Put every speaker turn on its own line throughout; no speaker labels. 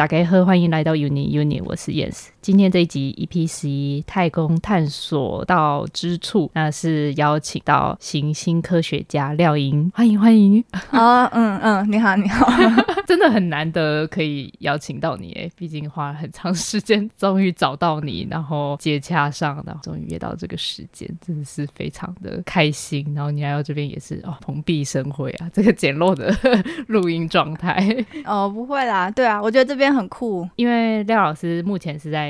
打開喝，歡迎來到 Uni Uni，我是 Yes。今天這一集 Ep11 太空探索到之處，那是邀請到行星科學家廖瑩，歡迎歡迎啊，oh, 嗯嗯，你好你好， 真的很難得可以邀請到你哎，畢竟花了很長時間，終於找到你，然後接洽上，然後終於約到這個時間，真的是非常的開心。然後你來到這邊也是哦，蓬蓽生輝啊，這個簡陋的錄 音狀態哦，oh, 不會啦，對啊，我覺得這邊很酷，因為廖老師目前是在。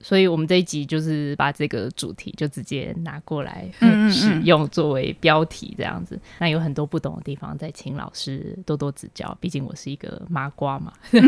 所以，我們這一集就是把這個主題就直接拿過來使用作為標題，這樣子。嗯嗯嗯。那有很多不懂的地方，再請老師多多指教。畢竟我是一個麻瓜嘛，所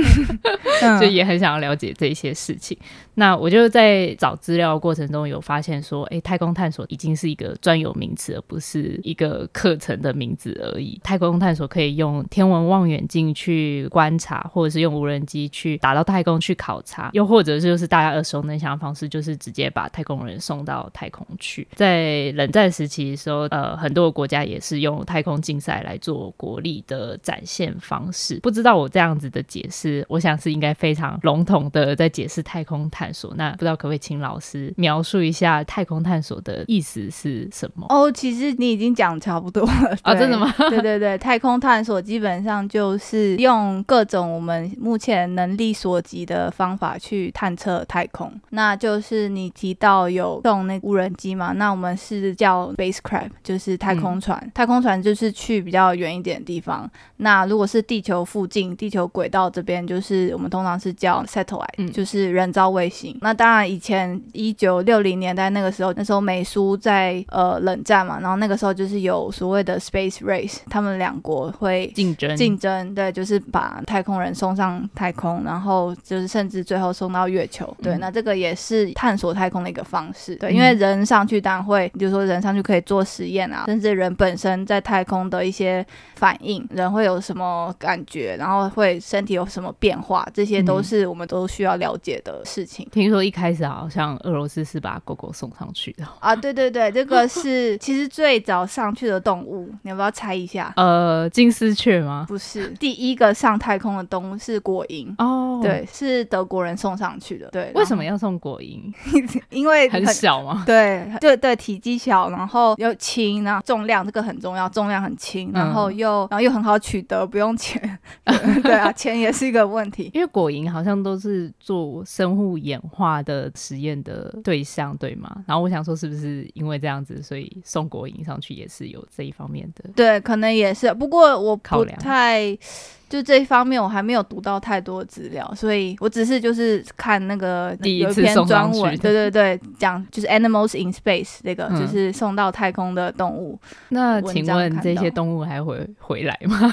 以、嗯嗯、 也很想要了解這些事情。那我就在找資料的過程中有發現說，哎，太空探索已經是一個專有名詞，而不是一個課程的名字而已。太空探索可以用天文望遠鏡去觀察，或者是用無人機去打到太空去考察，又或者就是大家耳熟能。想的方式就是直接把太空人送到太空去。在冷戰時期的時候，呃，很多國家也是用太空競賽來做國力的展現方式。不知道我這樣子的解釋，我想是應該非常籠統的在解釋太空探索。那不知道可不可以請老師描述一下太空探索的意思是什麼？哦，
其實你已經講差不多了啊？對真的嗎？ 對對對，太空探索基本上就是用各種我們目前能力所及的方法去探測太空。那就是你提到有動那無人機嘛，那我們是叫 spacecraft，就是太空船。嗯、太空船就是去比較遠一點的地方。那如果是地球附近、地球軌道這邊，就是我們通常是叫 satellite，就是人造衛星。嗯、那當然，以前一九六零年代那個時候，那時候美蘇在呃冷戰嘛，然後那個時候就是有所謂的 space race，他們兩國會競爭競爭，對，就是把太空人送上太空，然後就是甚至最後送到月球。嗯、對，那這個。也是探索太空的一個方式，對，嗯、因為人上去當然會，你就是、說人上去可以做實驗啊，甚至人本身在太空的一些反應，人會有什麼感覺，然後會身體有什麼變化，這些都是我們都
需要了解的事情。嗯、聽說一開始好像俄羅斯是把狗狗送上去的
啊，對對對，這個是其實最早上去的動物，你要不要猜一下？
呃，金絲雀嗎？
不是，第一個上太空的動物是果蠅哦，對，是德國人送上去的，對，為什麼要送？送果蠅，因為很，很小嘛，對對對，體積小，然後又輕，然後重量這個很重要，重量很輕，然後又然後又很好取得，不用錢。
對啊，錢也是一個問題，因為果蠅好像都是做生物演化的實驗的對象，對嗎？然後我想說，是不是因為這樣子，所以送果蠅上去也是有這一方面的？
對，可能也是。不過我不太。就這一方面，我還沒有讀到太多資料，所以我只是就是看那個一第一篇專文，對對對，講就是 Animals in Space 這個、嗯、就是送到太空的動物。那請問這些
動物還會回，回來嗎？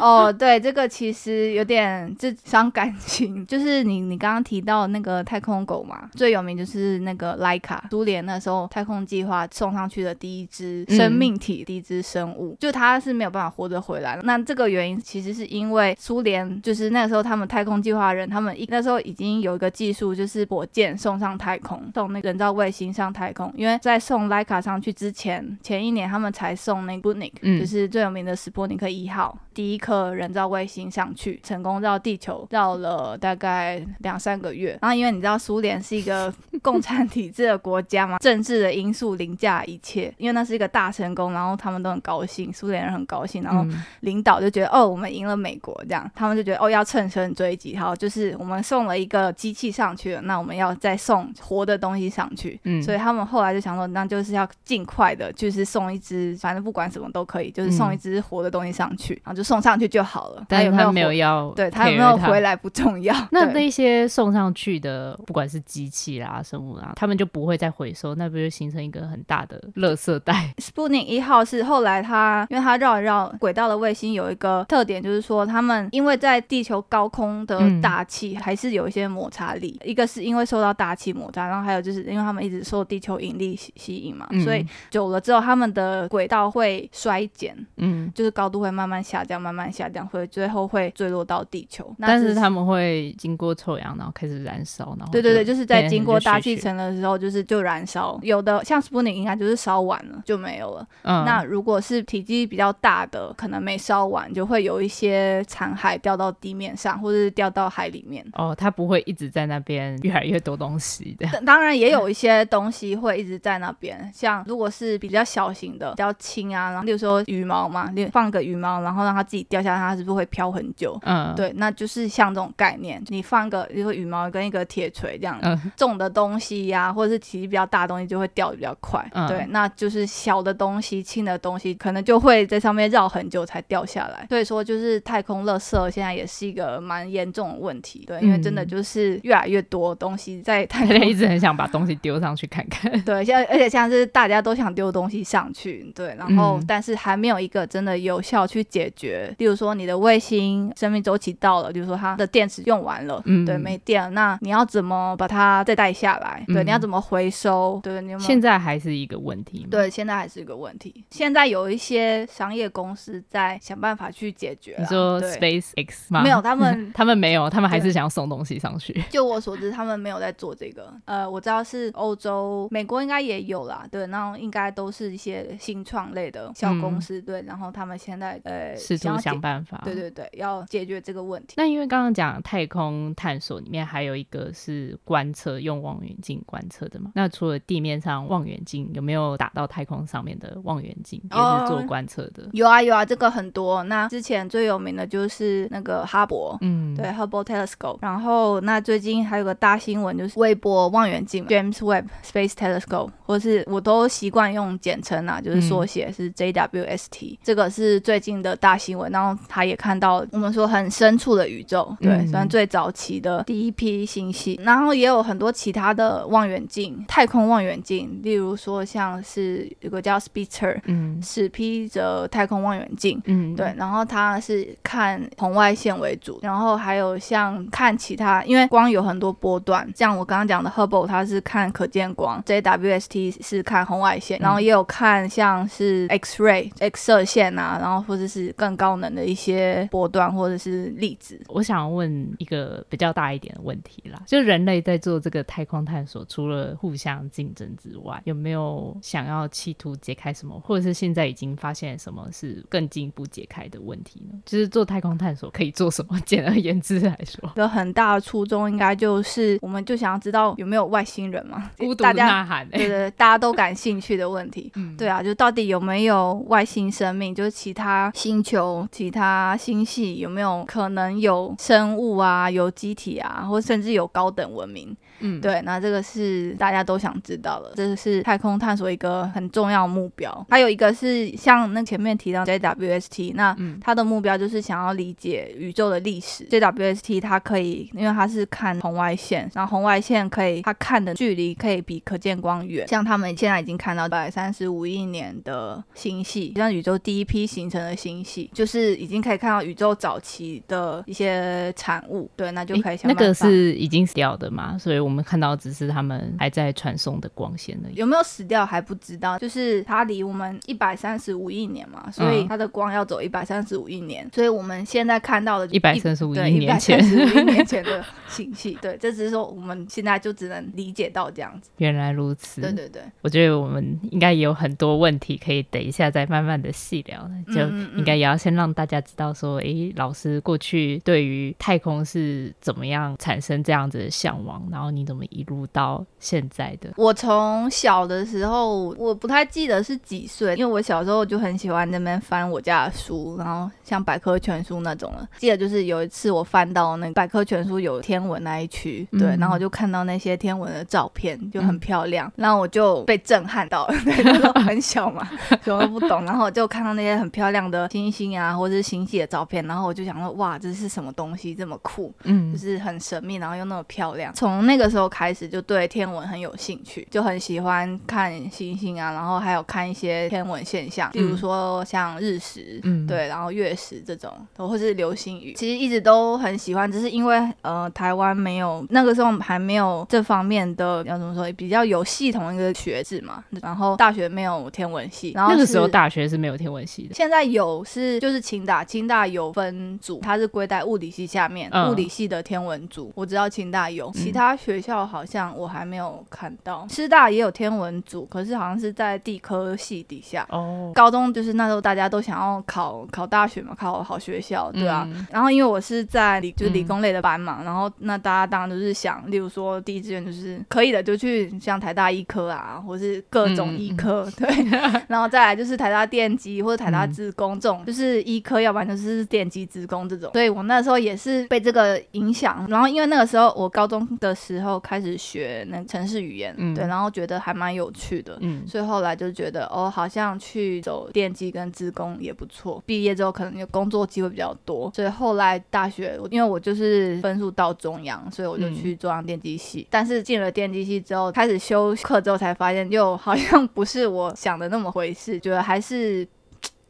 哦 ，oh, 對，這個其實有點這傷感情，就是你你剛剛提到那個太空狗嘛，最有名就是那個萊卡，蘇聯那時候太空計劃送上去的第一隻生命體，第一隻生物，嗯、就它是沒有辦法活着回來了。那這個原因其實是因為因為蘇聯就是那個時候，他們太空計劃人，他們一那時候已經有一個技術，就是火箭送上太空，送那個人造衛星上太空。因為在送萊卡上去之前，前一年他們才送那布尼克，就是最有名的斯波尼克一號，嗯、第一顆人造衛星上去，成功繞地球繞了大概兩三個月。然後因為你知道蘇聯是一個共產體制的國家嘛， 政治的因素凌駕一切。因為那是一個大成功，然後他們都很高興，蘇聯人很高興，然後領導就覺得、嗯、哦，我們贏了美。美國這樣，他們就覺得哦，要乘勝追擊，好，就是我們送了一個機器上去了，那我們要再送活的東西上去，嗯，所以他們後來就想說，那就是要儘快的，就是送一隻，反正不管什麼都可以，就是送一隻活的東西上去，然後就送上去就好了。但是他沒有，他有沒有要？對，他有沒有回來不重要。那
那些送上去的，對不管是機器啦、生物啦，他們就不會再回收，那不就形成一個很大的垃圾袋。
Spooning 一號是後來他，因為他繞一繞軌道的衛星有一個特點，就是說。他們因為在地球高空的大氣還是有一些摩擦力，嗯、一個是因為受到大氣摩擦，然後還有就是因為他們一直受地球引力吸吸引嘛，嗯、所以久了之後他們的軌道會衰減，嗯，就是高度會慢慢下降，慢慢下降，會最後會墜落到地球。但是他
們會經過臭氧，然後開始燃燒，然後對對對，就是在經過大氣層的
時候，就是就燃燒。欸嗯、雪雪有的像 Sputnik 應該就是燒完了就沒有了。嗯，那如果是體積比較大的，可能沒燒完就會有一些。殘骸掉到地面上，或者是掉到海裡面。
哦，它不會一直在那邊，越來越多東西這樣。
當然也有一些東西會一直在那邊。嗯、像如果是比較小型的、比較輕啊，然後比如說羽毛嘛，你放個羽毛，然後讓它自己掉下來，它是不是會飄很久？嗯，對，那就是像這種概念，你放個比如說羽毛跟一個鐵錘這樣重、嗯、的東西呀、啊，或者是體積比較大的東西就會掉得比較快。嗯，對，那就是小的東西、輕的東西，可能就會在上面繞很久才掉下來。所以說就是。太空垃圾現在也是一個蠻嚴重的問題，對，嗯、因為真的就是越來越多東西在太空，一直很
想把東西丟上去看看。
對，像而且像是大家都想丟東西上去，對，然後、嗯、但是還沒有一個真的有效去解決。例如說，你的衛星生命週期到了，例如說它的電池用完了，嗯、對，沒電了，那你要怎麼把它再帶下來？對，嗯、你要怎麼回收？對，你有沒有，現在
還是一個問題。對，
現在還是一個問題。現在有一些商業公司在想辦法去解決。對 SpaceX
嗎？沒有，他們 他們沒有，他們還是想要送東西上去。
就我所知，他們沒有在做這個。呃，我知道是歐洲、美國應該也有啦。對，然後應該都是一些新創類的小公司。嗯、對，然後他們現在呃，試圖想辦法。對對對，要解決這個問
題。那因為剛剛講太空探索裡面還有一個是觀測用望遠鏡觀測的嘛？那除了地面上望遠鏡，有沒有打到太空上面的望遠鏡也是做觀測的？Oh, 有
啊有啊，這個很多。那之前最有名。那就是那個哈勃，嗯，對，Hubble Telescope。然後那最近還有個大新聞，就是韋伯望遠鏡 James Webb Space Telescope，或是我都習慣用簡稱啊，就是縮寫是 JWST、嗯。這個是最近的大新聞。然後他也看到我們說很深處的宇宙，對，算、嗯、最早期的第一批星系。嗯、然後也有很多其他的望遠鏡，太空望遠鏡，例如說像是有個叫 Spitzer，嗯，史匹哲太空望遠鏡，嗯，對，然後它是。看紅外線為主，然後還有像看其他，因為光有很多波段，像我剛剛講的 Hubble，它是看可見光，JWST 是看紅外線，然後也有看像是 X-ray X 射線啊，然後或者是，是更高能的一些波段或者是粒子。
我想問一個比較大一點的問題啦，就人類在做這個太空探索，除了互相競爭之外，有沒有想要企圖解開什麼，或者是現在已經發現什麼是更進一步解開的問題呢？就是。做太空探索可以做什麼？簡而言之來說，有很大的初衷，應該
就是我們就想要知道有沒有外星人嘛？孤獨吶喊，對對對，大家都感興趣的問題，嗯，對啊，就到底有沒有外星生命？就是其他星球、其他星系有沒有可能有生物啊、有機體啊，或甚至有高等文明？嗯，對，那這個是大家都想知道的，這是太空探索一個很重要目標。還有一個是像那前面提到 JWST，那它的目標就是想要理解宇宙的歷史。嗯、JWST 它可以，因為它是看紅外線，然後紅外線可以它看的距離可以比可見光遠，像他們現在已經看到一百三十五億年的星系，像宇宙第一批形成的星系，就是已經可以看到宇宙早期的一些產物。對，那就可以想、欸、那個是
已經死掉的嘛，所以。我們看到只是他們還在傳送的光線而已，
有沒有死掉還不知道。就是它離我們一百三十五億年嘛，所以它的光要走一百三十五億年，嗯、所以我們現在看到的一百三十五億年前的信息， 對，這只是說我們現在就只能理解到這樣子。
原來如此，對對對，我覺得我們應該有很多問題可以等一下再慢慢的細聊，就應該也要先讓大家知道說，誒、欸，老師過去對於太空是怎麼樣產生這樣子的向往，然後你。你怎麼一路到現在的？
我從小的時候，我不太記得是幾歲，因為我小時候就很喜歡那邊翻我家的書，然後像百科全書那種了。記得就是有一次我翻到那個百科全書有天文那一區，嗯、對，然後我就看到那些天文的照片，就很漂亮，嗯、然後我就被震撼到了。對，那時候很小嘛， 什麼都不懂，然後我就看到那些很漂亮的星星啊，或者是星系的照片，然後我就想說，哇，這是什麼東西這麼酷？嗯，就是很神秘，然後又那麼漂亮。從那個。那時候開始就對天文很有興趣，就很喜歡看星星啊，然後還有看一些天文現象，比如說像日食，嗯、對，然後月食這種，或者是流星雨，其實一直都很喜歡，只是因為呃，台灣沒有那個時候還沒有這方面的要怎麼說，比較有系統的一個學制嘛，然後大學沒有天文系，然後那個時候大
學是沒有天文系的，現
在有是就是清大，清大有分組，它是歸在物理系下面，嗯、物理系的天文組，我知道清大有其他學。學校好像我還沒有看到師大也有天文組，可是好像是在地科系底下。哦，oh. 高中就是那時候大家都想要考考大學嘛，考好學校，對啊。嗯、然後因為我是在理，就是理工類的班嘛，嗯、然後那大家當然都是想，例如說第一志願就是可以的，就去像台大醫科啊，或是各種醫科，嗯、對。 然後再來就是台大電機或者台大資工、嗯、這種，就是醫科，要不然就是電機資工這種。所以我那時候也是被這個影響，然後因為那個時候我高中的時候之後開始學那程式語言，嗯、對，然後覺得還蠻有趣的，嗯、所以後來就覺得哦，好像去走電機跟資工也不錯。畢業之後可能就工作機會比較多，所以後來大學因為我就是分數到中央，所以我就去中
央電機系。嗯、
但是進了電機系之後，開始修課之後，才發現就好像不是我想的那麼回事，覺得還是。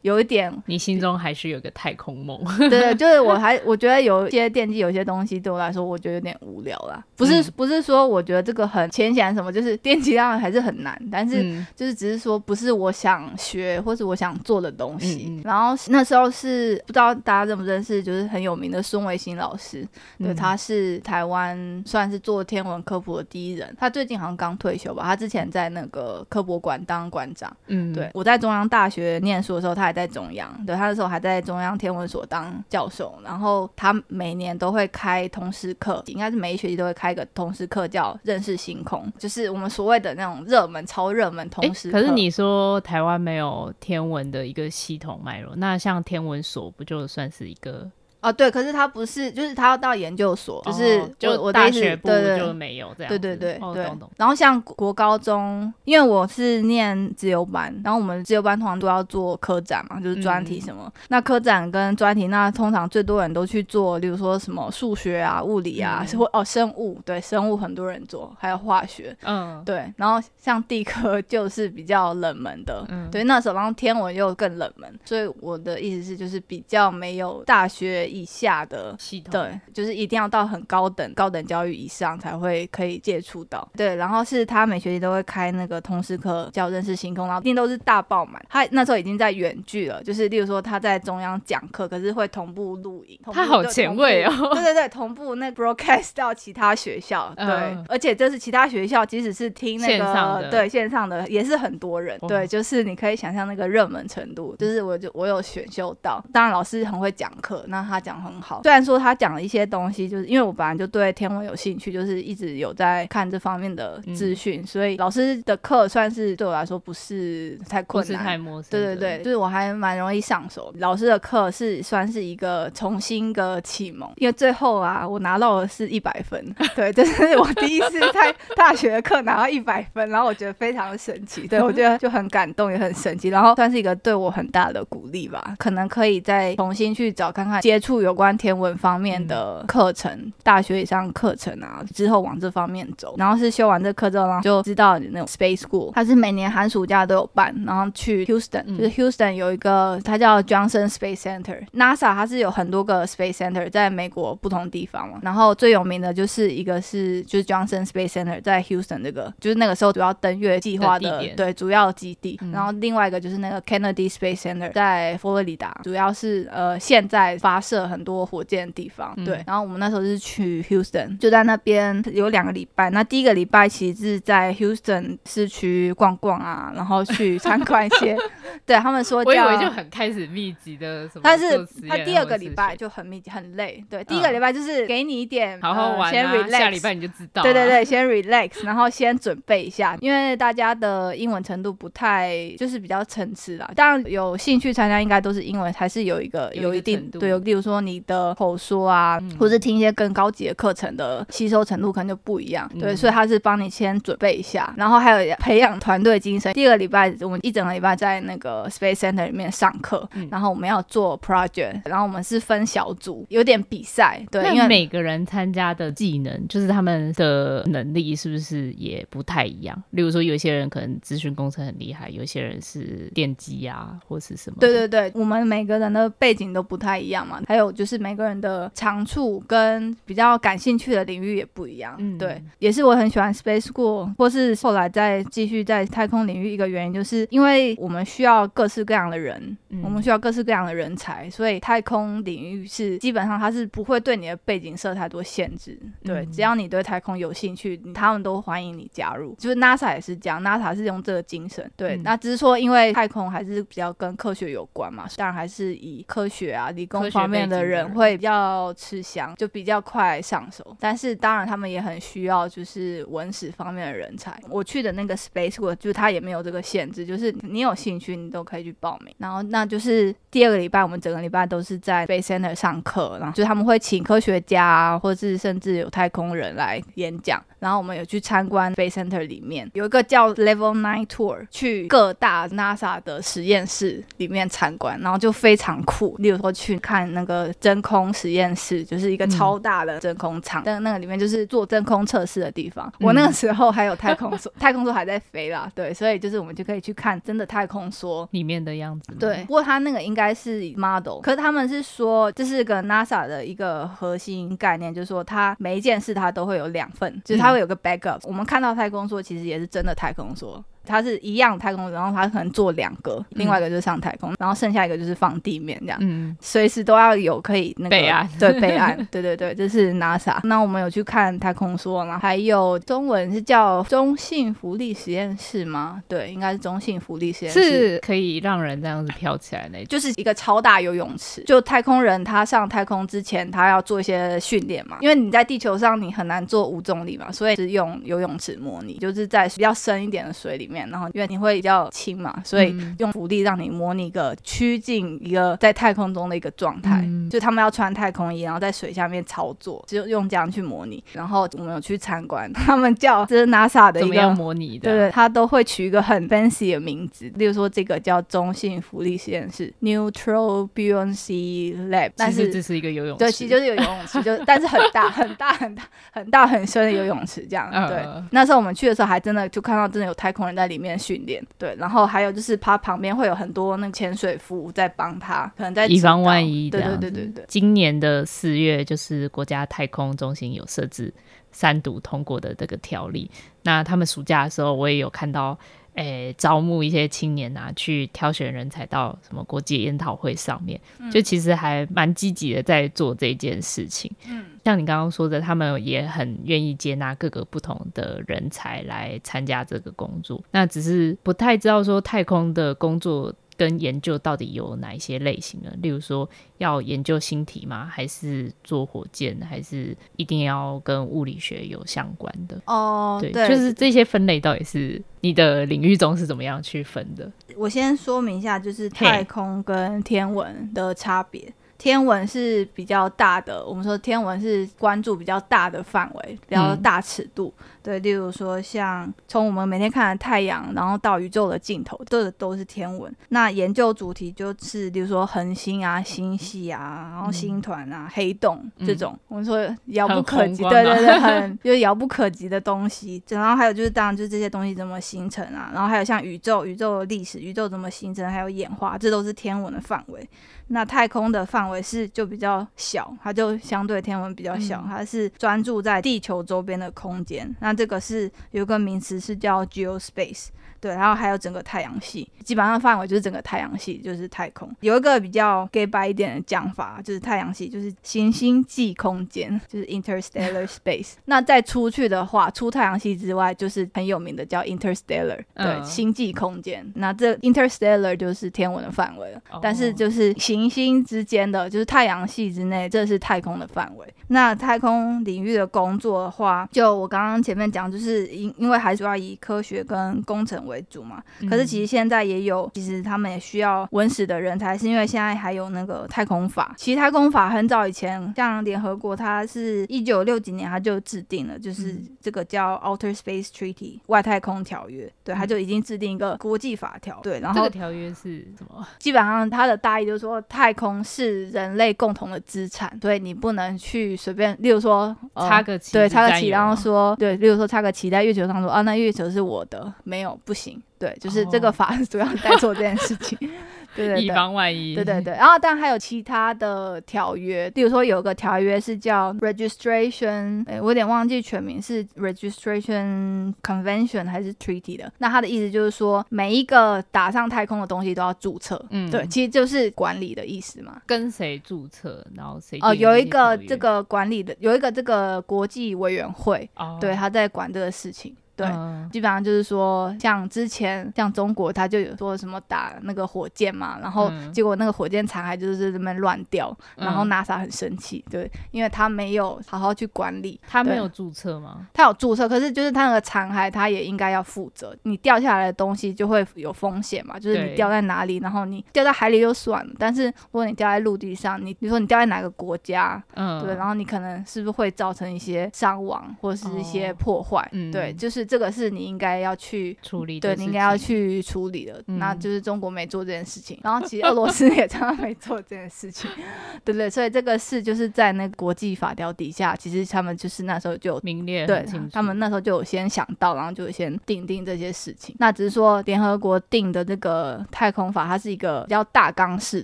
有一點，
你心中還是有個太空夢。 對，對，
就是我還我覺得有些電機，有些東西對我來說，我覺得有點無聊啦。不是，嗯、不是說我覺得這個很淺顯什麼，就是電機當然還是很難。但是就是只是說不是我想學或是我想做的東西。嗯、然後那時候是不知道大家認不認識，就是很有名的孫維新老師。對，嗯、他是台灣算是做天文科普的第一人。他最近好像剛退休吧？他之前在那個科博館當館長。嗯，對，我在中央大學念書的時候，他還在中央，對，他那時候還在中央天文所當教授，然後他每年都會開通識課，應該是每一學期都會開一個通識課，叫認識星空，就是我們所謂的那種熱門、超熱門通識課。欸，可是你
說台灣沒有天文的一個系統脈絡，那像天文所不就算是一個？
啊、哦，對，可是他不是，就是他要到研究所，就是我、oh, 就大學部就沒有這樣。對對對對，oh, 然後像國高中，因為我是念資優班，然後我們資優班通常都要做科展嘛，就是專題什麼。嗯、那科展跟專題，那通常最多人都去做，例如說什麼數學啊、物理啊，物、嗯、哦生物，對生物很多人做，還有化學，嗯，對。然後像地科就是比較冷門的，嗯、對那時候，然後天文又更冷門，所以我的意思是，就是比較沒有大學。以下的系統對，就是一定要到很高等、高等教育以上才會可以接觸到對，然後是他每學期都會開那個通識課叫認識星空，然後一定都是大爆滿。他那時候已經在遠距了，就是例如說他在中央講課，可是會同步錄影。
他好前衛
哦對！對對對，同步那 broadcast 到其他學校，對，呃、而且就是其他學校即使是聽那個線上的對線上的也是很多人，哦、對，就是你可以想象那個熱門程度。就是我就我有選修到，當然老師很會講課，那他。他講很好，雖然說他講了一些東西，就是因為我本來就對天文有興趣，就是一直有在看這方面的資訊，嗯、所以老師的課算是對我來說不是太困難，不是太陌生。對對對，就是我還蠻容易上手。老師的課是算是一個重新的啟蒙，因為最後啊，我拿到的是一百分， 對，這、就是我第一次在大學的課拿到一百分， 然後我覺得非常神奇，對，我覺得就很感動，也很神奇，然後算是一個對我很大的鼓勵吧，可能可以再重新去找看看接觸。處有關天文方面的課程，嗯、大學以上課程啊，之後往這方面走。然後是修完這課之後，呢，就知道你那種 space school，它是每年寒暑假都有辦，然後去 Houston，、嗯、就是 Houston 有一個，它叫 Johnson Space Center，NASA 它是有很多個 space center 在美國不同地方嘛，然後最有名的就是一個是就是 Johnson Space Center 在 Houston 這個，就是那個時候主要登月計劃的，的地點，對，主要基地，嗯、然後另外一個就是那個 Kennedy Space Center 在佛羅里達，主要是呃現在發射。很多火箭的地方，對。嗯、然後我們那時候是去 Houston，就在那邊有兩個禮拜。那第一個禮拜其實是在 Houston 市區逛逛啊，然後去參觀一些。 對他們說，我以為就很
開始密集的什麼的。但是他第二個
禮拜就很密集，很累。對,嗯、對，第一個禮拜就是給你一點好好玩啊。呃、先 relax, 下禮拜
你就知道。對對對，
先 relax，然後先準備一下， 因為大家的英文程度不太，就是比較層次啦。當然有興趣參加，應該都是英文還是有一個,有一個有一定對，有例如說。說你的口說啊，嗯、或是聽一些更高級的課程的吸收程度可能就不一樣，嗯、對，所以他是幫你先準備一下，然後還有培養團隊精神。第二個禮拜我們一整個禮拜在那個 Space Center 裡面上課，嗯、然後我們要做 project，然後我們是分小組，有點比賽。對，因為每
個人參加的技能，就是他們的能力是不是也不太一樣？比如說有些人可能資訊工程很厲害，有些人是電機啊，或是什麼？對對
對，我們每個人的背景都不太一樣嘛，有就是每個人的長處跟比較感興趣的領域也不一樣，嗯，對，也是我很喜歡 space school 或是後來再繼續在太空領域一個原因，就是因為我們需要各式各樣的人，嗯、我們需要各式各樣的人才，所以太空領域是基本上它是不會對你的背景設太多限制，嗯、對，只要你對太空有興趣，他們都歡迎你加入，就是 NASA 也是這樣，NASA 是用這個精神，對，嗯、那只是說因為太空還是比較跟科學有關嘛，當然還是以科學啊理工方面。的人會比較吃香，就比較快上手。但是當然，他們也很需要就是文史方面的人才。我去的那個 Space World 就他也沒有這個限制，就是你有興趣，你都可以去報名。然後那就是第二個禮拜，我們整個禮拜都是在 Space Center 上課，然後就他們會請科學家、啊，或者是甚至有太空人來演講。然後我們有去參觀 Space Center 裡面有一個叫 Level Nine Tour，去各大 NASA 的實驗室裡面參觀，然後就非常酷。你有時候去看那個。個真空實驗室就是一個超大的真空廠，但、嗯、那個裡面就是做真空測試的地方。嗯、我那個時候還有太空梭， 太空梭還在飛啦，對，所以就是我們就可以去看真的太空梭
裡面的樣子。對，
不過它那個應該是 model，可是他們是說這、就是個 NASA 的一個核心概念，就是說它每一件事它都會有兩份，就是它會有個 backup、嗯。我們看到太空梭其實也是真的太空梭。它是一樣太空，然後它可能做兩個，另外一個就是上太空，嗯、然後剩下一個就是放地面這樣，嗯，隨時都要有可以那個備啊，安對備案，岸 對對對，這、就是 NASA。那我們有去看太空梭嗎？還有中文是叫中性浮力實驗室嗎？對，應該是中性浮
力實驗室，是可以讓人這樣子飄起來的，就是一
個超大游泳池。就太空人他上太空之前，他要做一些訓練嘛，因為你在地球上你很難做無重力嘛，所以是用游泳池模擬，就是在比較深一點的水裡面。然後因為你會比較輕嘛，嗯、所以用浮力讓你模擬一個趨近一個在太空中的一個狀態，嗯、就他們要穿太空衣，然後在水下面操作，就用這樣去模擬。然後我們有去參觀，他們叫這是 NASA 的一個模擬，對，他都會取一個很 fancy 的名字，例如說這個叫中性浮力實驗室 （Neutral Buoyancy Lab）。但是這是
一個游泳池，對，其實就是
有游泳池， 就但是很大很大很大很大很深的游泳池這
樣。嗯、對，
那時候我們去的時候還真的就看到真的有太空人的。在裡面訓練，對，然後還有就是他旁邊會有很多那潛水服務在幫他，可能在以防萬一。對對對對對。
今年的四月就是國家太空中心有設置三讀通過的這個條例，那他們暑假的時候我也有看到。誒，招募一些青年啊，去挑選人才到什麼國際研討會上面，嗯、就其實還蠻積極的在做這件事情。嗯，像你剛剛說的，他們也很願意接納各個不同的人才來參加這個工作。那只是不太知道說太空的工作跟研究到底有哪一些類型呢？例如說要研究星體嗎？還是做火箭？還是一定要跟物理學有相關的？哦，對，對就是這些分類到底是？你的領域中是怎麼樣去分的？
我先說明一下，就是太空跟天文的差別。Hey 天文是比較大的，我們說天文是關注比較大的範圍，比較大尺度。嗯對，例如說像從我們每天看的太陽，然後到宇宙的盡頭，這都是天文。那研究主題就是，比如說恆星啊、星系啊、嗯、然後星團啊、黑洞、嗯、這種，我們說遙不可及，嗯、對，對對對，很、啊、很就是遙不可及的東西。然後還有就是，當然就是這些東西怎麼形成啊？然後還有像宇宙、宇宙的歷史、宇宙怎麼形成，還有演化，這都是天文的範圍。那太空的範圍是就比較小，它就相對天文比較小，嗯、它是專注在地球周邊的空間。那這個是有個名詞是叫 Geospace。對，然後還有整個太陽系，基本上範圍就是整個太陽系，就是太空。有一個比較 gay by 一點的講法，就是太陽系就是行星際空間，就是 interstellar space。 那再出去的話，出太陽系之外，就是很有名的叫 interstellar，對，uh oh. 星際空間。那這 interstellar 就是天文的範圍，但是就是行星之間的，就是太陽系之內，這是太空的範圍。那太空領域的工作的話，就我剛剛前面講，就是因因為還主要以科學跟工程。為主嘛，可是其實現在也有，嗯、其實他們也需要文史的人才是，因為現在還有那個太空法，其實太空法很早以前，像聯合國，它是一九六幾年它就制定了，就是這個叫 Outer Space Treaty 外太空條約，對，它就已經制定一個國際法
條，對，然後這個條約是什麼？
基本上它的大意就是說，太空是人類共同的資產，對，你不能去隨便，例如說插個旗，對，插個旗，然後說，對，例如說插個旗在月球上說啊，那月球是我的，沒有，不行。行，對，就是這個法，哦，主要在做這件事情， 對對對，以防
萬一，對對對。然
後但還有其他的條約，比如說有個條約是叫 Registration，哎，我有點忘記全名是 Registration Convention 還是 Treaty 的。那他的意思就是說，每一個打上太空的東西都要註冊，嗯，對，其實就是管理的意思嘛，
跟誰註冊，然後誰哦、呃，有一個這個
管理的，有一個這個國際委員會，哦、對，他在管這個事情。
對，嗯、基本
上就是說，像之前像中國，他就有說什麼打那個火箭嘛，然後結果那個火箭殘骸就是這麼亂掉，嗯、然後 NASA 很生氣，對，因為他沒有好好去管理，他沒有
注冊嗎？
他有注冊，可是就是他那個殘骸，他也應該要負責。你掉下來的東西就會有風險嘛，就是你掉在哪裡，然後你掉在海裡就算了，但是如果你掉在陸地上，你比如說你掉在哪個國家，嗯、對，然後你可能是不是會造成一些傷亡或是一些破壞？哦嗯、對，就是。這個是你應該要去處理的，對，你應該要去處理的。嗯、那就是中國沒做這件事情，然後其實俄羅斯也常常沒做這件事情， 對不對？所以這個事就是在那國際法條底下，其實他們就是那時候就有名列，對，他們那時候就有先想到，然後就先定定這些事情。那只是說聯合國定的這個太空法，它是一個比較大綱式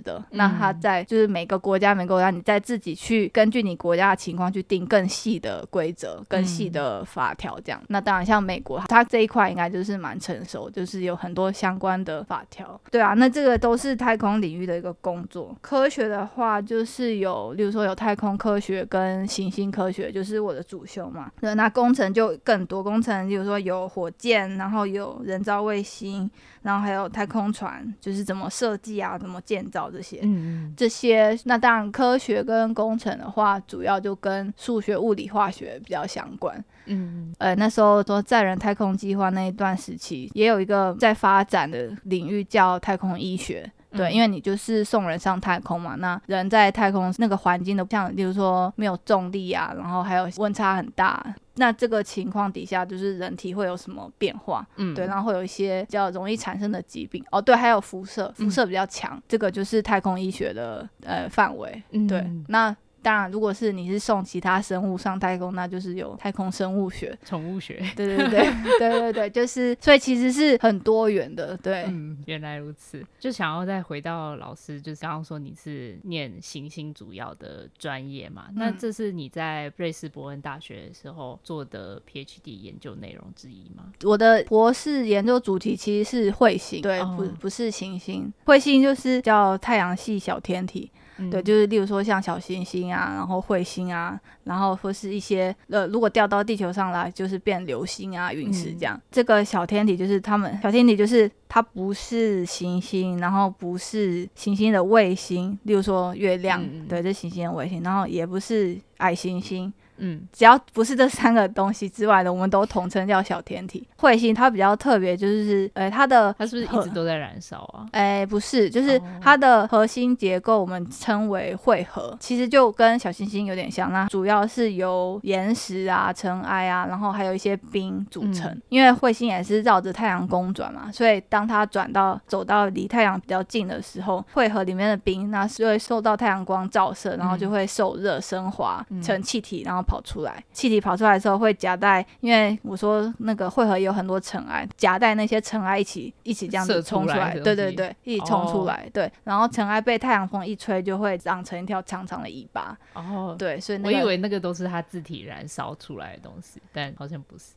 的，嗯、那它在就是每個國家、每個國家你再自己去根據你國家的情況去定更細的規則、更細的法條這樣。嗯、那當然像美美國，它這一塊應該就是蠻成熟，就是有很多相關的法條。對啊，那這個都是太空領域的一個工作。科學的話，就是有，例如說有太空科學跟行星科學，就是我的主修嘛。對，那工程就更多工程，比如說有火箭，然後有人造衛星，然後還有太空船，就是怎麼設計啊，怎麼建造這些。嗯嗯。這些，那當然科學跟工程的話，主要就跟數學、物理、化學比較相關。嗯，誒，那時候說載人太空計劃那一段時期，也有一個在發展的領域叫太空醫學，對，嗯、因為你就是送人上太空嘛，那人在太空那個環境的像，比如說沒有重力啊，然後還有溫差很大，那這個情況底下，就是人體會有什麼變化？嗯，對，然後會有一些比較容易產生的疾病。嗯、哦，對，還有輻射，輻射比較強，嗯、這個就是太空醫學的呃範圍，對，嗯、那。當然，如果是你是送其他生物上太空，那就是有太空生物學、寵物學，對對對， 對對對對，就是所以其實是很多元的。對、
嗯，原來如此。就想要再回到老師，就是剛剛說你是念行星主要的專業嘛？嗯、那這是你在瑞士伯恩大學的時候做的 PhD 研究內容之一嗎？
我的博士研究主題其實是彗星，對，哦、不不是行星，彗星就是叫太陽系小天體。嗯、對，就是例如說像小行星啊，然後彗星啊，然後或是一些呃，如果掉到地球上來，就是變流星啊、隕石這樣。嗯、這個小天體就是他們，小天體就是它不是行星，然後不是行星的衛星，例如說月亮，嗯、對，這是行星的衛星，然後也不是矮行星。嗯嗯，只要不是這三個東西之外的，我們都統稱叫小天體。彗星，它比較特別，就是呃、欸，它的、呃、它是不是一直都在燃燒啊？哎、欸，不是，就是它的核心結構我們稱為彗核，其實就跟小行星有點像。那主要是由岩石啊、塵埃啊，然後還有一些冰組成。嗯、因為彗星也是繞着太陽公轉嘛，所以當它轉到走到離太陽比較近的時候，彗核裡面的冰那是會受到太陽光照射，然後就會受熱升華成氣體，嗯、然後。跑出來，氣體跑出來的時候會夾帶，因為我說那個彗核，有很多塵埃，夾帶那些塵埃一起一起這樣子衝出來，出來對對對，一起衝出來，哦、對，然後塵埃被太陽風一吹，就會長成一條長長的
尾巴。哦，對，所以、那個、我以為那個都是它自體燃燒出來的東西，但好像不是。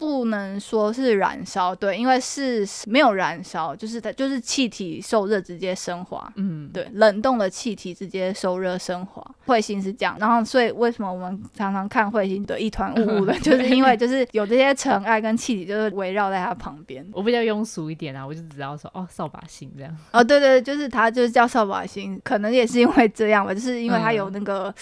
不能說是燃燒，對，因為是沒有燃燒，就是它就是氣體受熱直接升華。嗯，對，冷凍的氣體直接受熱升華，彗星是這樣。然後，所以為什麼我們常常看彗星的一團霧霧的，就是因為就是有這些塵埃跟氣體就是圍繞在它旁
邊。我比較庸俗一點啊，我就只知道說哦，掃把星這樣。
哦，對，對對，就是它就是叫掃把星，可能也是因為這樣吧，就是因為它有那個，嗯、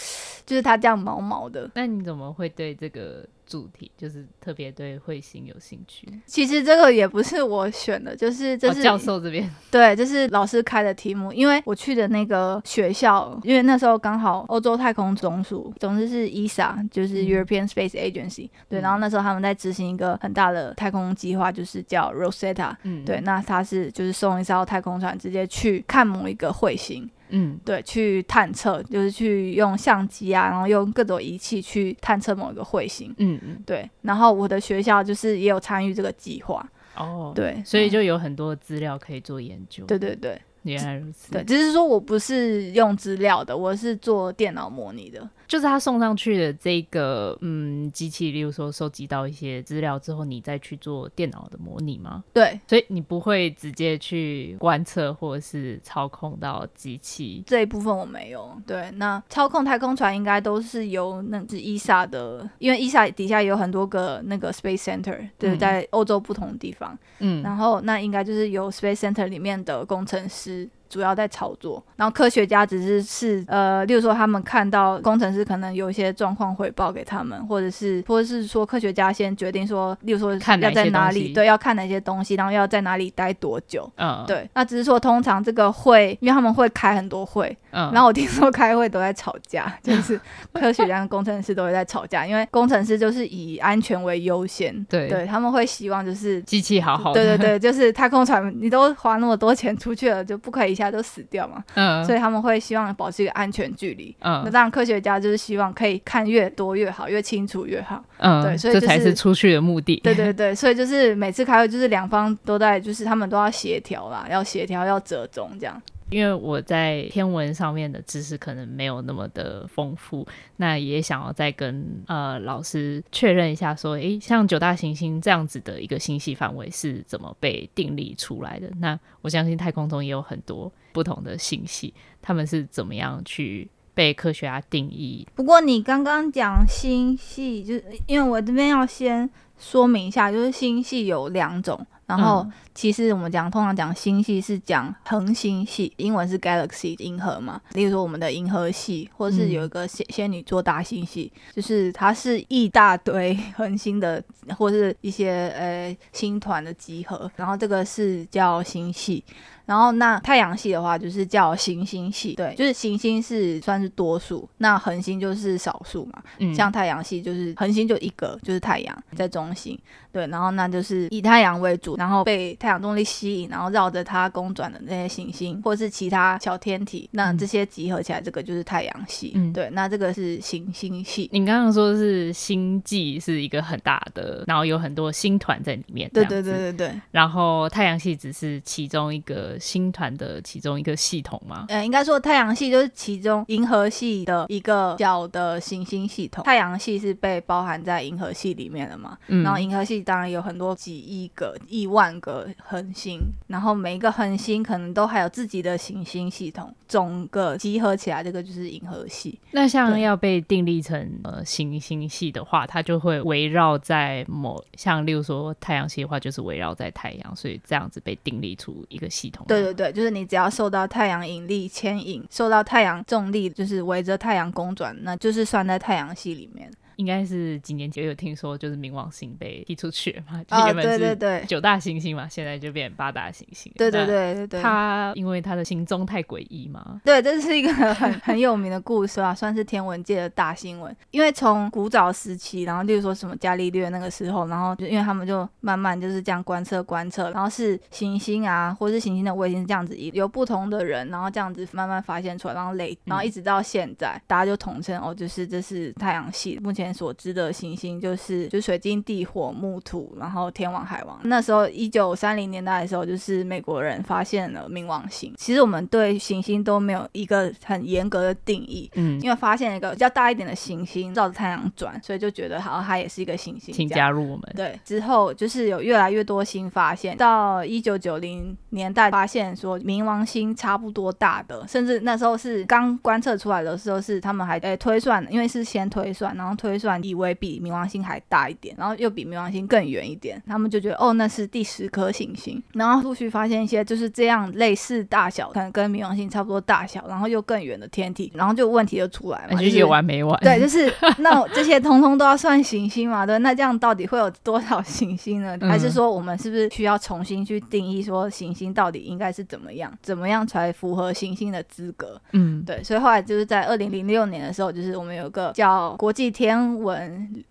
就是它這樣毛毛
的。那你怎麼會對這個？主題就是特別對彗星有興趣。其
實這個也不是我選的，就是這是、哦、教授這邊對，這是老師開的題目。因為我去的那個學校，因為那時候剛好歐洲太空總署，總之是、是 ESA，就是 European Space Agency。嗯。對，然後那時候他們在執行一個很大的太空計劃，就是叫 Rosetta。嗯，對，那他是就是送一艘太空船直接去看某一個彗星。嗯，對，去探測，就是去用相機啊，然後用各種儀器去探測某一個彗星。嗯嗯，嗯對。然後我的學校就是也有參與這個計劃。哦，對，所以
就有很多資料可以做研究。嗯，對對對。原來如此，對，只、就是
說我不是用資料的，我是做電腦模擬的。
就是他送上去的這個嗯機器，例如說收集到一些資料之後，你再去做電腦的模擬嗎？對，所以你不會直接去觀測或者是操控到機器
這一部分，我沒有。對，那操控太空船應該都是由那就是伊莎的，因為伊莎底下有很多個那個 space center，對，對，嗯、在歐洲不同的地方。嗯，然後那應該就是由 space center 裡面的工程師，主要在操作，然後科學家只是是呃，例如說他們看到工程師可能有一些狀況回報給他們，或者是或者是說科學家先決定說，例如說要在哪裡，看哪些東西對，要看哪些東西，然後要在哪裡待多久，嗯，對，那只是說通常這個會，因為他們會開很多會，嗯，然後我聽說開會都在吵架，就是科學家跟工程師都會在吵架， 因為工程師就是以安全為優先，對，對他們會希望就是機器好好的，對對對，就是太空船你都花那麼多錢出去了就不可以。其他都死掉嘛，嗯，所以他們會希望保持一個安全距離。嗯，那當然，科學家就是希望可以看越多越好，越清楚越好。嗯，對，所以就是，這才是出
去的目的。對對
對，所以就是每次開會，就是兩方都在，就是他們都要協調啦，要協調，要折中這樣。
因為我在天文上面的知識可能沒有那麼的豐富，那也想要再跟呃老師確認一下，說，誒，像九大行星這樣子的一個星系範圍是怎麼被定立出來的？那我相信太空中也有很多不同的星系，他們是怎麼樣去被科學家定義？
不過你剛剛講星系，就是因為我這邊要先說明一下，就是星系有兩種。然後，其實我們講，嗯、通常講星系是講恆星系，英文是 galaxy，銀河嘛。例如說，我們的銀河系，或是有一個仙仙女座大星系，嗯、就是它是一大堆恆星的，或者是一些呃星團的集合。然後這個是叫星系。然後那太陽系的話就是叫行星系，對，就是行星是算是多數，那恆星就是少數嘛。嗯，像太陽系就是恆星就一個，就是太陽在中心，對，然後那就是以太陽為主，然後被太陽重力吸引，然後繞着它公轉的那些行星，或是其他小天體，那這些集合起來，這個就是太陽系。嗯，對，那這個是行星系。
你剛剛說是星際是一個很大的，然後有很多星團在裡面。對對對對對對對。然後太陽系只是其中一個。星團的其中一個系統嗎？呃，
應該說，太陽系就是其中銀河系的一個小的行星系統。太陽系是被包含在銀河系裡面的嘛？嗯。然後銀河系當然有很多幾億個、億萬個恆星，然後每一個恆星可能都還有自己的行星系統。總個集合起來，這個就是銀河系。
那像要被定義成對呃行星系的話，它就會圍繞在某，像例如說太陽系的話，就是圍繞在太陽，所以這樣子被定義出一個系統。
對對對，就是你只要受到太陽引力牽引，受到太陽重力，就是圍着太陽公轉，那就是算在太陽系裡面。
應該是幾年前有聽說，就是冥王星被踢出去嘛？啊，對對對，九大行星嘛，哦、對對對現在就變八大行星。對對對對，它因為他的行蹤太詭異嘛。對，這是一個很很有名的故事啊，
算是天文界的大新聞。因為從古早時期，然後例如說什麼伽利略那個時候，然後就因為他們就慢慢就是這樣觀測觀測，然後是行星啊，或是行星的衛星是這樣子一，有不同的人，然後這樣子慢慢發現出來，然後累，然後一直到現在，嗯、大家就統稱哦，就是這是太陽系目前。所知的行星就是就水金地火木土，然後天王海王。那時候一九三零年代的時候，就是美國人發現了冥王星。其實我們對行星都沒有一個很嚴格的定義，嗯，因為發現了一個比較大一點的行星照着太陽轉，所以就覺得好像它也是一個行星，請加入我們。對，之後就是有越來越多新發現，到一九九零年代發現說冥王星差不多大的，甚至那時候是剛觀測出來的時候，是他們還誒推算，因為是先推算，然後推。算意味比冥王星還大一點，然後又比冥王星更遠一點，他們就覺得哦，那是第十顆行星。然後陸續發現一些就是這樣類似大小，可能跟冥王星差不多大小，然後又更遠的天體，然後就問題就出來了，你就是有完沒完。對，就是那這些通通都要算行星嘛？對，那這樣到底會有多少行星呢？還是說我們是不是需要重新去定義說行星到底應該是怎麼樣，怎麼樣才符合行星的資格？嗯，對。所以後來就是在二零零六年的時候，就是我們有一個叫國際天。嗯，我。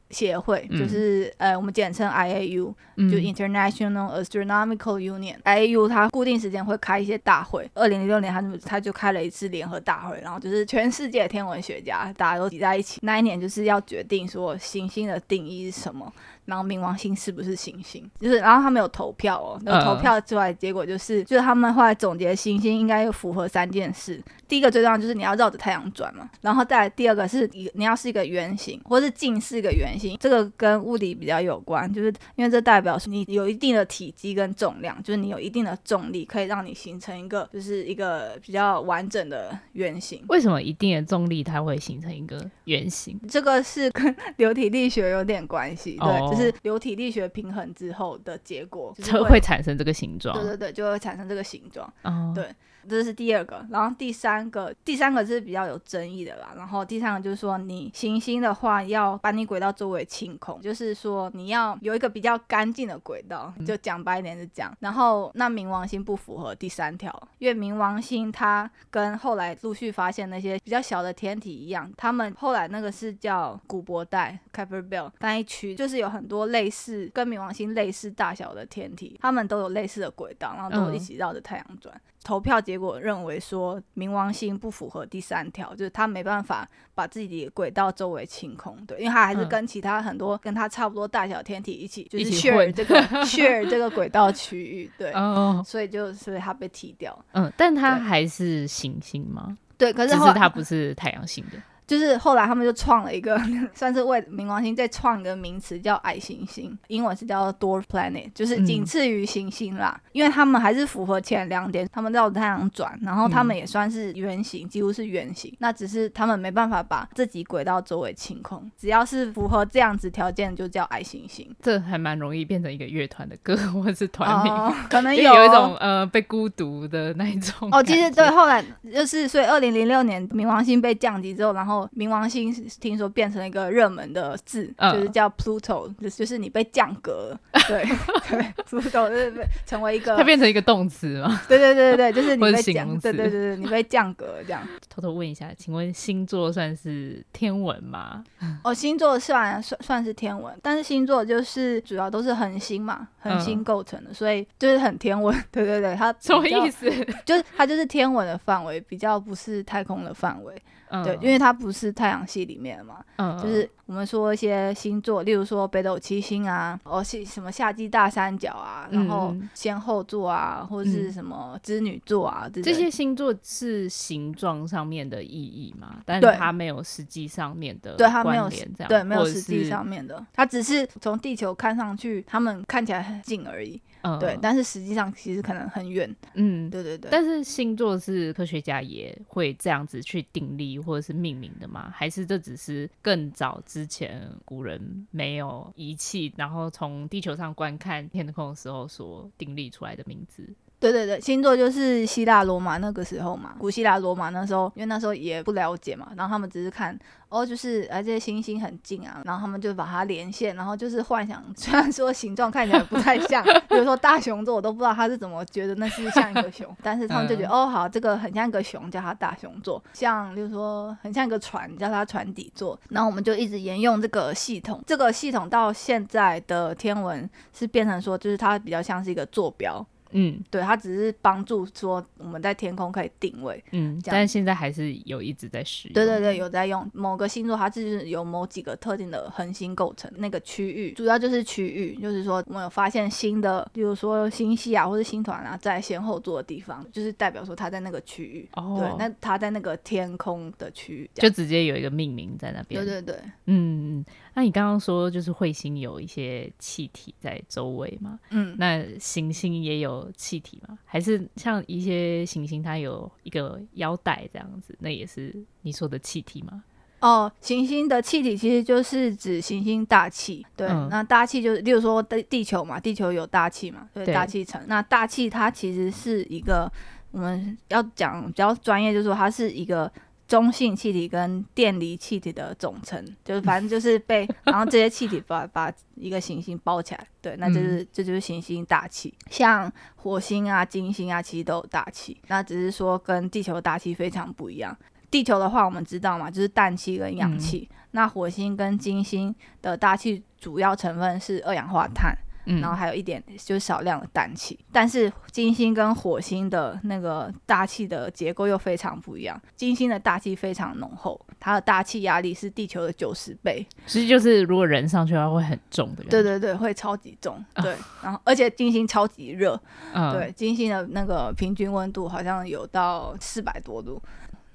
協會就是、嗯、呃，我們簡稱 IAU，就 International Astronomical Union、嗯。IAU 它固定時間會開一些大會。二零零六年，它就它就開了一次聯合大會，然後就是全世界的天文學家大家都擠在一起。那一年就是要決定說行星的定義是什麼，然後冥王星是不是行星？就是然後他們有投票哦，有投票之外，結果就是、uh. 就是他們後來總結，行星應該又符合三件事：第一個最重要就是你要繞着太陽轉嘛，然後再來第二個是你要是一個圓形，或是近似一個圓。這個跟物理比較有關，就是因為這代表是你有一定的體積跟重量，就是你有一定的重力，可以讓你形成一個，就是一個比較完整的圓形。
為什麼一定的重力它會形成一個圓形？
這個是跟流體力學有點關係，哦、對，就是流體力學平衡之後的結果就，就會產生這個形狀。對對對，就會產生這個形狀。哦、對。這是第二個，然後第三個，第三個是比較有爭議的啦。然後第三個就是說，你行星的話，要把你軌道周圍清空，就是說你要有一個比較乾淨的軌道。就講白一點是講，然後那冥王星不符合第三條，因為冥王星它跟後來陸續發現那些比較小的天體一樣，他們後來那個是叫古柏帶 Kuiper Belt 那一區，就是有很多類似跟冥王星類似大小的天體，他們都有類似的軌道，然後都有一起繞着太陽轉。嗯投票結果認為說，冥王星不符合第三條，就是他沒辦法把自己的軌道周圍清空，對，因為他還是跟其他很多、嗯、跟他差不多大小天體一起，一起就是 sh、這個、 share 這個 share 這個軌道區域，對，哦、所以就所以他被踢掉。嗯，
但他還是行星嗎？對，對，可是只是他不是太陽系的。
就是後來他們就創了一個，算是為冥王星再創一個名詞，叫矮行星，英文是叫 dwarf planet，就是僅次於行星啦。嗯、因為他們還是符合前兩點，他們繞着太陽轉，然後他們也算是圓形，嗯、幾乎是圓形。那只是他們沒辦法把自己軌道周圍清空，只要是符合這樣子條件，就叫矮行星。
這還蠻容易變成一個樂團的歌或者是團名，哦、可能有，有一種呃被孤獨的那一種。哦，
其實對，後來就是所以，二零零六年冥王星被降級之後，然後。冥王星聽說變成了一個熱門的字，嗯、就是叫 Pluto，就，就是你被降格、嗯對。對 ，Pluto 是成為一個它變成一個
動詞嘛。對對對對對，就是你被降格。對對，對對對，你
被降格這
樣。偷偷問一下，請問星座算是天文嗎？
哦，星座算算算是天文，但是星座就是主要都是恆星嘛，恆星構成的，嗯、所以就是很天文。對對對，它什麼意思？就是它就是天文的範圍，比較不是太空的範圍。Uh. 對，因為它不是太陽系裡面嘛，uh. 就是。我們說一些星座，例如說北斗七星啊，哦，是什麼夏季大三角啊，然後仙後座啊，或者是什麼織女
座啊，嗯、這些星座是形狀上面的意義嘛？但是它沒有實際上面的關聯，對，它沒有對，沒有實際上面的，呃、它只是
從地球看上去，它們看起來很近而已，對。但是實際上其實可能很遠，嗯，對對對。但
是星座是科學家也會這樣子去定立或者是命名的嗎？還是這只是更早知道？之前古人沒有儀器，然後從地球上觀看天空的時候所定立出來的名字。
對對對，星座就是希臘羅馬那個時候嘛，古希臘羅馬那時候，因為那時候也不了解嘛，然後他們只是看哦，就是而、哎、這些星星很近啊，然後他們就把它連線，然後就是幻想。雖然說形狀看起來不太像， 比如說大熊座，我都不知道他是怎麼覺得那是像一個熊， 但是他們就覺得哦好，這個很像一個熊，叫它大熊座；像就是說很像一個船，叫它船底座。然後我們就一直沿用這個系統，這個系統到現在的天文是變成說，就是它比較像是一個坐標。嗯，對，它只是幫助說我們在天空可以定位，嗯，但是現
在還是有一直在使用。對對對，有在
用。某個星座，它就是有某幾個特定的恆星構成那個區域，主要就是區域，就是說我們有發現新的，比如說星系啊，或者星團啊，在仙後座的地方，就是代表說它在那個區域。哦。對，那它在那個天空的區域，就直
接有一個命名在那邊。對對對，嗯。那、啊、你剛剛說就是彗星，有一些氣體在周圍嘛？嗯，那行星也有氣體嗎？還是像一些行星它有一個腰帶這樣子，那也是你說的氣體嗎？
哦，行星的氣體其實就是指行星大氣。對，嗯、那大氣就是，例如說地地球嘛，地球有大氣嘛，對，大氣層。那大氣它其實是一個，我們要講比較專業，就是說它是一個。中性氣體跟電離氣體的總稱，就是反正就是被， 然後這些氣體把把一個行星包起來，對，那就是這就，就是行星大氣。嗯、像火星啊、金星啊，其實都有大氣，那只是說跟地球大氣非常不一樣。地球的話，我們知道嘛，就是氮氣跟氧氣。嗯、那火星跟金星的大氣主要成分是二氧化碳。嗯嗯、然後還有一點就是少量的氮氣，但是金星跟火星的那個大氣的結構又非常不一樣。金星的大氣非常濃厚，它的大氣壓力是地球的九十倍，
實際就是如果人上去的話會很重的。對對
對，會超級重。哦、對，然後而且金星超級熱，哦、對，金星的那個平均溫度好像有到四百多度。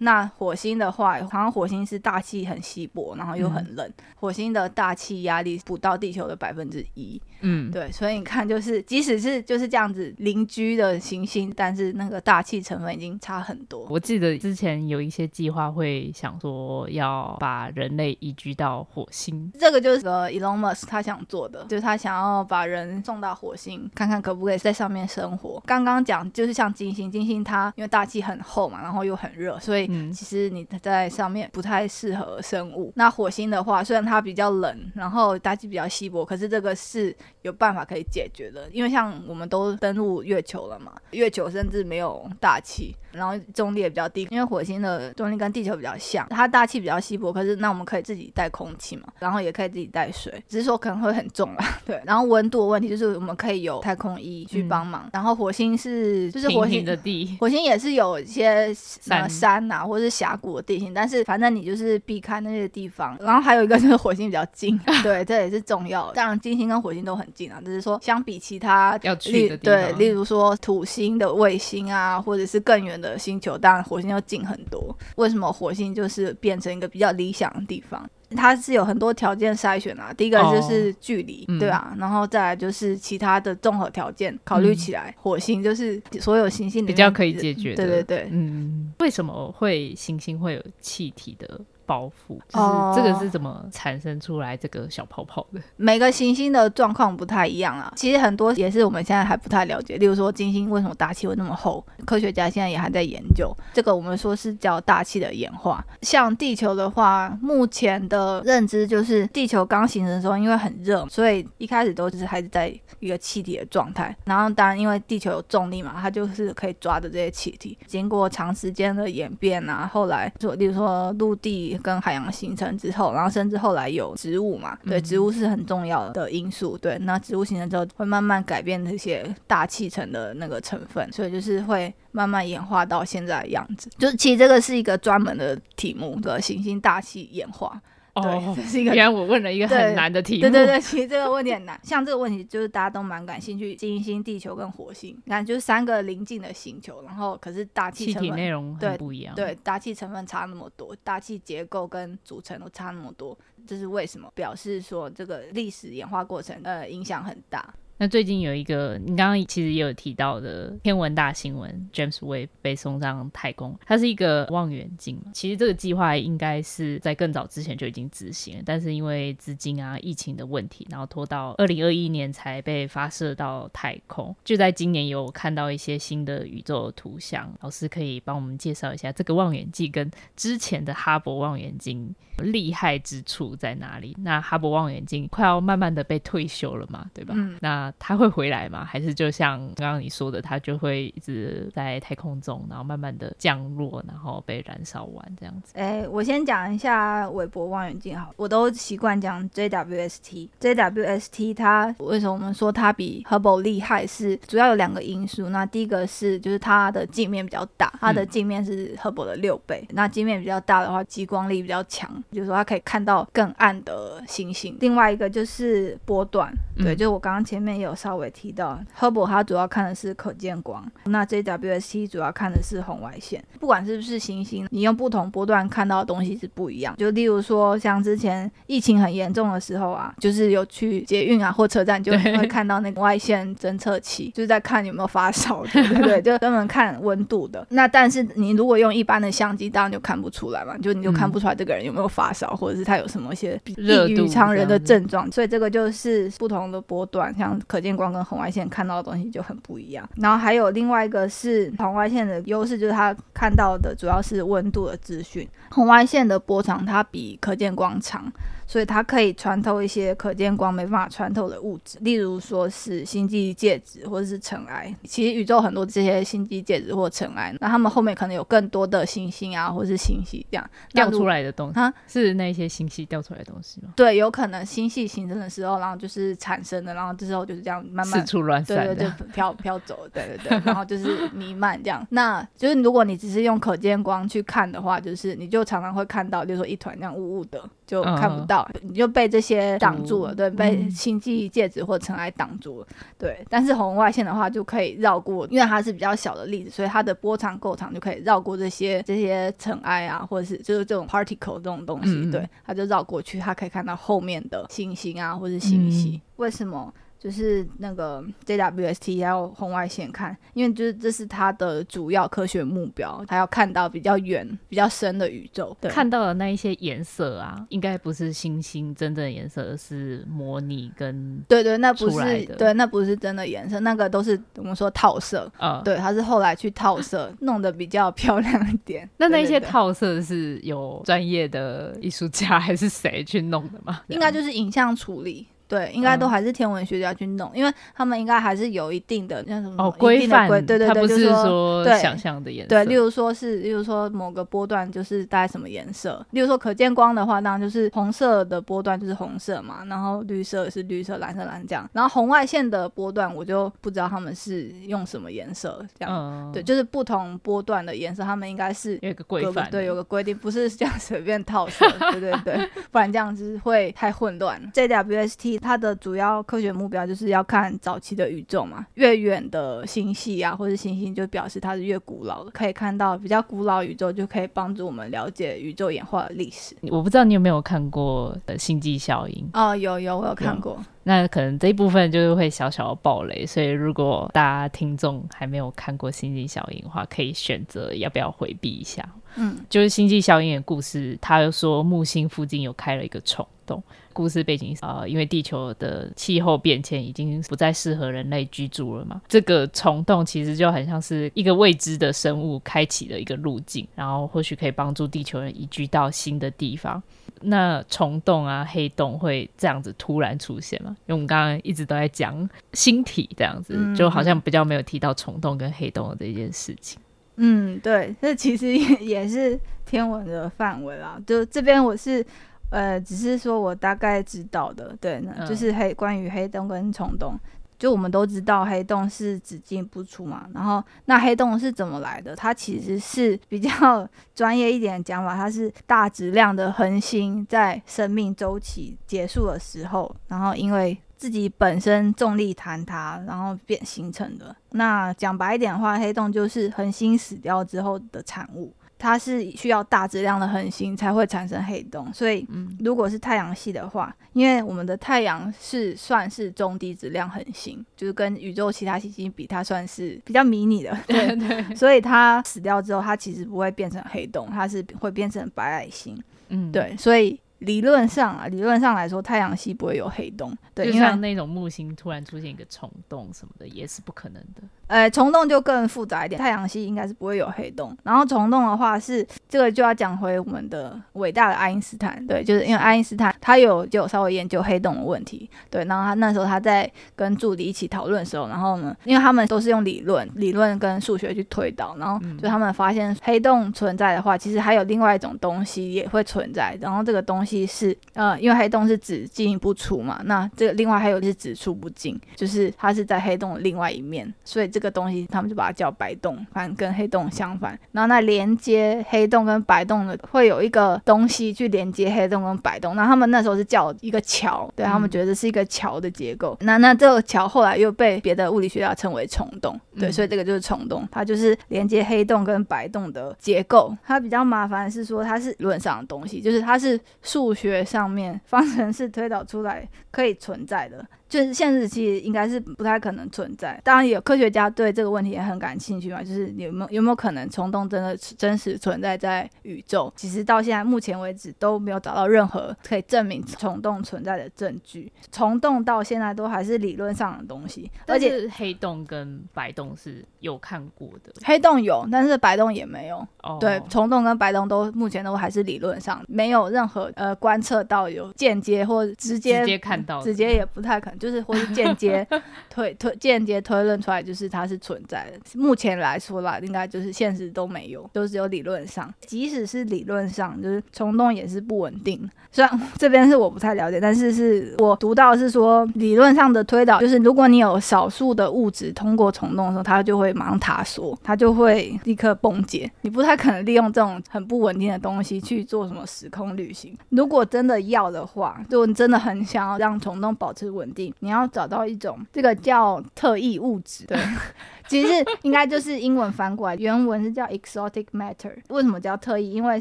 那火星的話，好像火星是大氣很稀薄，然後又很冷。嗯、火星的大氣壓力不到地球的百分之一。嗯，對，所以你看，就是即使是就是這樣子鄰居的行星，但是那個大氣成分已經差很多。
我記得之前有一些計劃會想說要把人類移居到火星，
這個就是、呃、Elon Musk 他想做的，就是他想要把人送到火星，看看可不可以在上面生活。剛剛講就是像金星，金星它因為大氣很厚嘛，然後又很熱，所以其實你在上面不太適合生物。那火星的話，雖然它比較冷，然後大氣比較稀薄，可是這個是有辦法可以解決的，因為像我們都登陸月球了嘛，月球甚至沒有大氣，然後重力也比較低，因為火星的重力跟地球比較像，它大氣比較稀薄，可是，那我們可以自己帶空氣嘛，然後也可以自己帶水，只是說可能會很重啦。對，然後溫度的問題就是我們可以有太空衣去幫忙，嗯、然後火星是就是火星平平的地，火星也是有一些什麼，山，什麼山啊或者是峽谷的地形，但是反正你就是避開那些地方，然後還有一個就是火星比較近， 對，這也是重要，這樣金星跟火星都很。近啊，只是說相比其他，要的對，例如說土星的衛星啊，或者是更遠的星球，當然火星要近很多。為什麼火星就是變成一個比較理想的地方？它是有很多條件篩選啊，第一個就是距離，哦、對啊，嗯、然後再來就是其他的綜合條件考慮起來，火星就是所有行星比較可以解決、嗯、對對對，
嗯，為什麼會行星會有氣體的？包袱，就是這個是怎麼產生出來這個小泡泡的？哦，
每個行星的狀況不太一樣啊，其實很多也是我們現在還不太了解。例如說金星為什麼大氣會那麼厚，科學家現在也還在研究這個。我們說是叫大氣的演化。像地球的話，目前的認知就是地球剛形成的時候，因為很熱，所以一開始都是還是在一個氣體的狀態。然後當然因為地球有重力嘛，它就是可以抓着這些氣體，經過長時間的演變啊，後來就例如說陸地。跟海洋形成之後，然後甚至後來有植物嘛？對，植物是很重要的因素。對，那植物形成之後，會慢慢改變這些大氣層的那個成分，所以就是會慢慢演化到現在的樣子。就是其實這個是一個專門的題目，對，行星大氣演化。對哦，這是一個。原來我問了一個很難的題目，對。對對對，其實這個問題很難。 像這個問題，就是大家都蠻感興趣，金星、地球跟火星，你看就是三個鄰近的星球，然後可是大氣成分對，氣體內容不一樣，對，對大氣成分差那麼多，大氣結構跟組成都差那麼多，這，就是為什麼？表示說這個歷史演化過程，呃，影響很大。
那最近有一個，你剛剛其實也有提到的天文大新聞，James Webb 被送上太空。它是一個望遠鏡，其實這個計劃應該是在更早之前就已經執行了，但是因為資金啊、疫情的問題，然後拖到二零二一年才被發射到太空。就在今年有看到一些新的宇宙的圖像，老師可以幫我們介紹一下這個望遠鏡跟之前的哈伯望遠鏡。厲害之處在哪裡？那哈伯望遠鏡快要慢慢的被退休了嘛，對吧？嗯、那它會回來嗎？還是就像剛剛你說的，它就會一直在太空中，然後慢慢的降落，然後被燃燒完這樣子？哎、
欸，我先講一下韋伯望遠鏡好，我都習慣講 JWST。JWST 它為什麼我們說它比哈伯厲害是？是主要有兩個因素。那第一個是就是它的鏡面比較大，它的鏡面是哈伯的六倍。嗯、那鏡面比較大的話，激光力比較強。就是說，它可以看到更暗的星星。另外一個就是波段，對，就我剛剛前面也有稍微提到，Hubble 它主要看的是可見光，那 JWST 主要看的是紅外線。不管是不是星星，你用不同波段看到的東西是不一樣。就例如說，像之前疫情很嚴重的時候啊，就是有去捷運啊或車站，就會看到那個紅外線偵測器，就是在看有沒有發燒，對不對，對？就專門看溫度的。那但是你如果用一般的相機，當然就看不出來嘛，就你就看不出來這個人有沒有。發燒或者是他有什麼一些異日常人的症狀，所以這個就是不同的波段，像可見光跟紅外線看到的東西就很不一樣。然後還有另外一個是紅外線的優勢，就是它看到的主要是溫度的資訊。紅外線的波長它比可見光長。所以它可以穿透一些可見光沒辦法穿透的物質，例如說是星際介質或者是塵埃。其實宇宙很多這些星際介質或塵埃，那它們後面可能有更多的星星啊，或者是星系這樣掉出來的東西，蛤是
那些星系掉出來的東西嗎？
對，有可能星系形成的時候，然後就是產生的，然後之後就是這樣慢慢四處亂散，對，對對，就飄飄走，
對對對，然後就
是彌漫這樣。 那就是如果你只是用可見光去看的話，就是你就常常會看到，例如說一團這樣霧霧的，就看不到。嗯你就被這些擋住了，對，被星際介質或塵埃擋住了，嗯、對。但是紅外線的話，就可以繞過，因為它是比較小的粒子，所以它的波長夠長，就可以繞過這些這些塵埃啊，或者是就是這種 particle 這種東西，嗯、對，它就繞過去，它可以看到後面的星星啊，或者星系。嗯、為什麼？就是那個 JWST 要紅外線看，因為就是這是它的主要科學目標，它要看到比較遠、比較深的宇宙。看
到的那一些顏色啊，應該不是星星真正的顏色，是模擬跟對對，那不是對，
那不是真的顏色，那個都是我們說套色。嗯、對，它是後來去套色，弄得比較漂亮一點。那那些
套色是有專業的藝術家還是誰去弄的嗎？應
該就是影像處理。對，應該都還是天文學家去弄，嗯、因為他們應該還是有一定的那什麼哦規範，對對對，不是說想象的顏色對，對，例如說是，例如說某個波段就是帶什麼顏色，例如說可見光的話，當然就是紅色的波段就是紅色嘛，然後綠色也是綠色，藍色藍這樣，然後紅外線的波段我就不知道他們是用什麼顏色這樣，嗯、對，就是不同波段的顏色，他們應該是有個規範，對，有個規定，不是這樣隨便套色， 對對對，不然這樣子會太混亂。JWST 它的主要科學目標就是要看早期的宇宙嘛，越遠的星系啊，或者星星就表示它是越古老的，可以看到比較古老宇宙，就可以幫助我們了解宇宙演化的歷史。我不知道
你有沒有看過呃星際效應？
哦，有有，我有看過
有。那可能這一部分就是會小小的爆雷，所以如果大家聽眾還沒有看過星際效應的話，可以選擇要不要回避一下。嗯，就是《星際效應》的故事，他又說木星附近有開了一個蟲洞。故事背景啊、呃，因為地球的氣候變遷已經不再適合人類居住了嘛。這個蟲洞其實就很像是一個未知的生物開啟的一個路徑，然後或許可以幫助地球人移居到新的地方。那蟲洞啊、黑洞會這樣子突然出現嗎？因為我們剛剛一直都在講星體，這樣子就好像比較沒有提到蟲洞跟黑洞的這件事情。
嗯，對，這其實也也是天文的範圍啦。就這邊我是，呃，只是說我大概知道的，對呢，嗯、就是關黑關於黑洞跟蟲洞。就我們都知道黑洞是只進不出嘛，然後那黑洞是怎麼來的？它其實是比較專業一點的講法，它是大質量的恆星在生命周期結束的時候，然後因為自己本身重力坍塌，然後變形成的。那講白一點的話，黑洞就是恆星死掉之後的產物。它是需要大質量的恆星才會產生黑洞，所以如果是太陽系的話，嗯、因為我們的太陽是算是中低質量恆星，就是跟宇宙其他行星比，它算是比較迷你的，對。 對，所以它死掉之後，它其實不會變成黑洞，它是會變成白矮星。嗯，對。所以理論上啊，理論上來說，太陽系不會有黑洞。對，就像
那種木星突然出現一個蟲洞什麼的，也是不可能的。
呃，蟲洞就更複雜一點，太陽系應該是不會有黑洞。然後蟲洞的話是，是這個就要講回我們的偉大的愛因斯坦，對，就是因為愛因斯坦他有就稍微研究黑洞的問題，對，然後他那時候他在跟助理一起討論的時候，然後呢，因為他們都是用理論、理論跟數學去推導，然後就他們發現黑洞存在的話，其實還有另外一種東西也會存在，然後這個東西是呃，因為黑洞是只進不出嘛，那這個另外還有就是只出不進，就是它是在黑洞的另外一面，所以這個。個東西，他們就把它叫白洞，反正跟黑洞相反。然後那連接黑洞跟白洞的，會有一個東西去連接黑洞跟白洞。那他們那時候是叫一個橋，對，他們覺得是一個橋的結構。嗯、那那這個橋後來又被別的物理學家稱為蟲洞，對，嗯、所以這個就是蟲洞，它就是連接黑洞跟白洞的結構。它比較麻煩的是說，它是理論上的東西，就是它是數學上面方程式推導出來可以存在的。就是現實其實應該是不太可能存在。當然，有科學家對這個問題也很感興趣嘛。就是有沒有有沒有可能蟲洞真的是真實存在在宇宙？其實到現在目前為止都沒有找到任何可以證明蟲洞存在的證據。蟲洞到現在都還是理論上
的東西。而且黑洞跟白洞是有看過的，黑
洞有，但是白洞也沒
有。Oh. 對，
蟲洞跟白洞都目前都還是理論上，沒有任何呃觀測到有間接或直接,直接看到，直接也不太可能。就是或是間接推推間接推論出來，就是它是存在的。目前來說啦，應該就是現實都沒有，都只有理論上。即使是理論上，就是蟲洞也是不穩定。雖然這邊是我不太了解，但是是我讀到是說理論上的推導，就是如果你有少數的物質通過蟲洞的時候，它就會馬上塌縮，它就會立刻崩解。你不太可能利用這種很不穩定的東西去做什麼時空旅行。如果真的要的話，就你真的很想要讓蟲洞保持穩定，你要找到一種，這個叫特異物質的。對。 其實應該就是英文翻過來，原文是叫 exotic matter。為什麼叫特異？因為